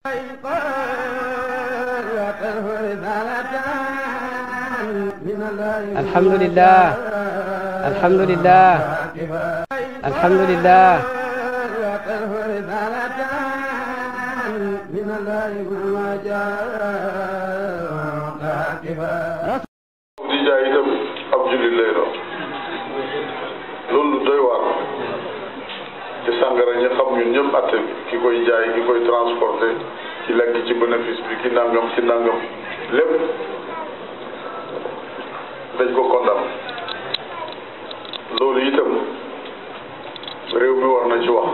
alhamdulilah alhamdulilah alhamdulilah di jaay itam ab jullit lay doon loolu doy waar engrais ñi xam ñun ñëpp ki koy jaay ki koy transporté ki lekk ci bénéfice bi ki nangam ki nangam lépp dañ ko condamné loolu itam réew mi war na ci wax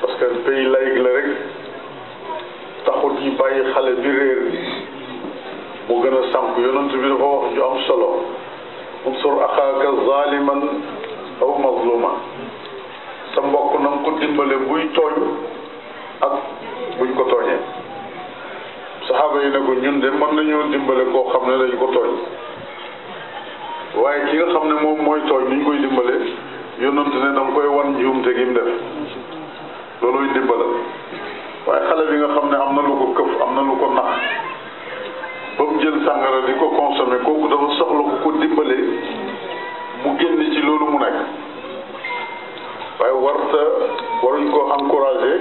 parce que pays laïque la rek taxut ñu bàyyi xale mu gën a sànq yonent bi dafa wax ju am solo unsur axaaka zaliman mazluma sa mbokk na nga ko dimbale buy tooñ ak buñ ko tooñee saxaaba yi ne ko ñun de mën nañoo dimbale koo xam ne dañ ko tooñ waaye ki nga xam ne moom mooy tooñ ni ñu koy dimbale yonent ne danga koy wan njuumte gi mu def looluy dimbala warta waruñ ko encouragé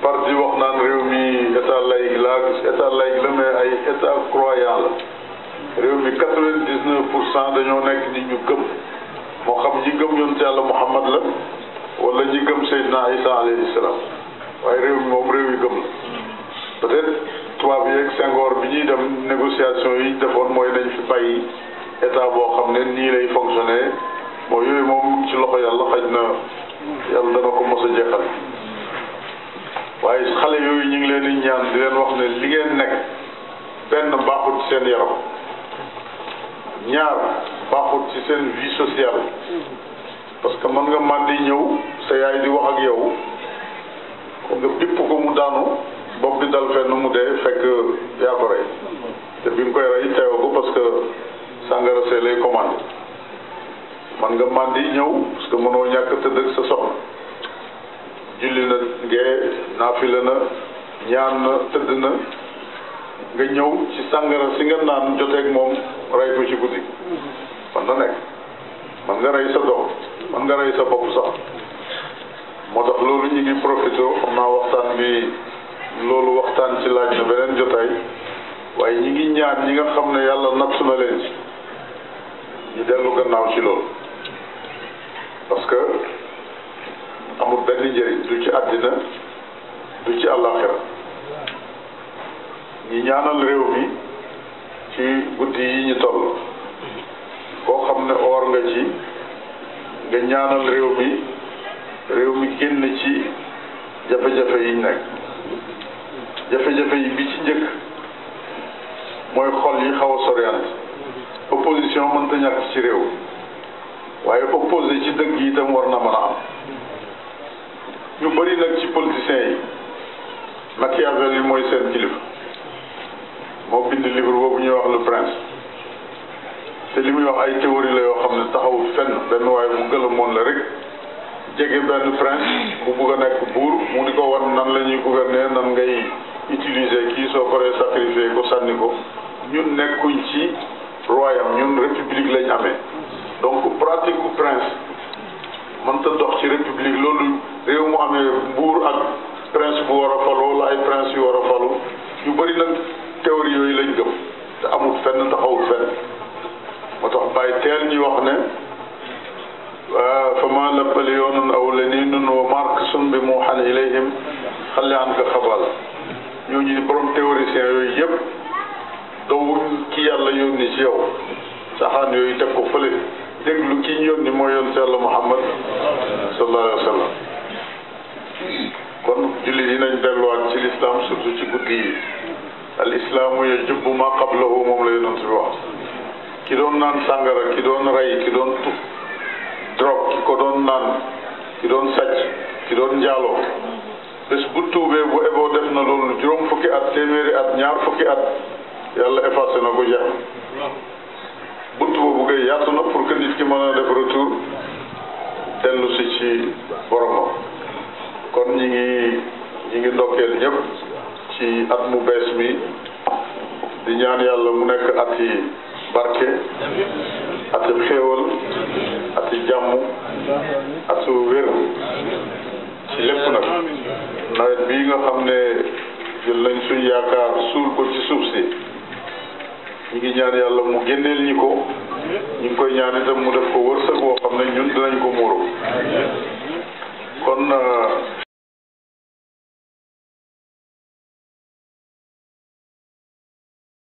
par di wax naan réew mi état laïque la état laïque la ay état croyant la réew mi quatre pour cent dañoo nekk nit ñu gëm moo xam ñi gëm yonent yàlla Muhammad la wala ñi gëm Seydina Isa alayhi waaye réew mi moom réew yi gëm la peut-être tubaab yeeg Senghor bi ñuy dem négociation yi defoon mooy nañ fi bàyyi état boo xam ne nii lay fonctionner mooy yooyu moom ci loxo ñaar baaxul ci seen vie sociale parce que mën nga màndi ñëw sa yaay di wax ak yow ko nga pipp ko mu daanu bopp bi dal fenn mu dee fekk yaa ko rey te bi nga koy rey teew ko parce que sàngara see lay commandé man nga màndi ñëw parce que mënoo ñàkk tëdd ak sa soxna julli na ngee naafila na ñaan na tëdd na nga ñëw ci sàngara si nga naan joteeg moom rey ko ci guddi man na nekk man nga rey sa doom man nga rey sa bopp sax moo tax loolu ñu ngi profité xam naa waxtaan bi loolu waxtaan ci laaj na beneen jotaay waaye ñu ngi ñaan ñi nga xam ne yàlla nattu na leen ci ñu dellu gannaaw ci loolu parce que amul benn njëriñ du ci àddina du ci àllaaxira ñi ñaanal réew mi ci guddi yi ñu toll koo xam ne oor nga ci nga ñaanal réew mi réew mi génn ci jafe-jafe yi nekk jafe-jafe yi bi ci njëkk mooy xol yi xaw a soriyant opposition mënta ñàkk ci réew waaye opposé ci dëgg yi te war na mën a am ñu bëri nag ci politiciens yi Machiavel yi mooy seen kilifa livre boobu ñuy wax le prince te li muy wax ay théorie la yoo xam ne taxawul fenn benn waaye bu gëlëmoon la rek jege benn prince bu bugg a nekk buur mu di ko wan nan la ñuy gouverner nan ngay utiliser kii soo koree sacrifier ko sànni ko ñun nekkuñ ci royaume ñun république lañ amee donc pratique ku prince mënta dox ci république loolu réew mu amee buur ak prince bu war a falu wala ay prince yu war a falu yu bëri nag théorie yooyu lañ gëm te fenn taxawul fenn moo tax bàyyi teel wax ne ah, fa ma napoléonun aw léninun wa marxun bi muuxan ilayhim xale an ka xabal ñooñu borom théoricien yooyu yëpp dawuñ ki yàlla yónni ci yow saxaan yooyu teg ko fële déglu ki ñu yónni mooy yoon sell Muhammad sallallahu alayhi wa sallam kon jullit yi nañ delluwaat ci lislaam surtout ci guddi al islaamu yajubbu ma qablahu moom la yonent bi wax ki doon naan sàngara ki doon rey ki doon tu drogue ki ko doon naan ki doon sàcc ki doon njaaloo bés bu tuubee bu eboo def na loolu juróom fukki at téeméeri at ñaar fukki at yàlla effacé na ko jeex bunt boobu kay yaatu na i at mu bees bi di ñaan yàlla mu nekk at yi barke at yi xéewal at yi jàmm ci lépp nag nawet bii nga xam ne jël nañ suñ yaakaar suul ko ci suuf si ñu ngi ñaan yàlla mu génneel ñi ko ñu ngi koy ñaan mu def ko wërsëg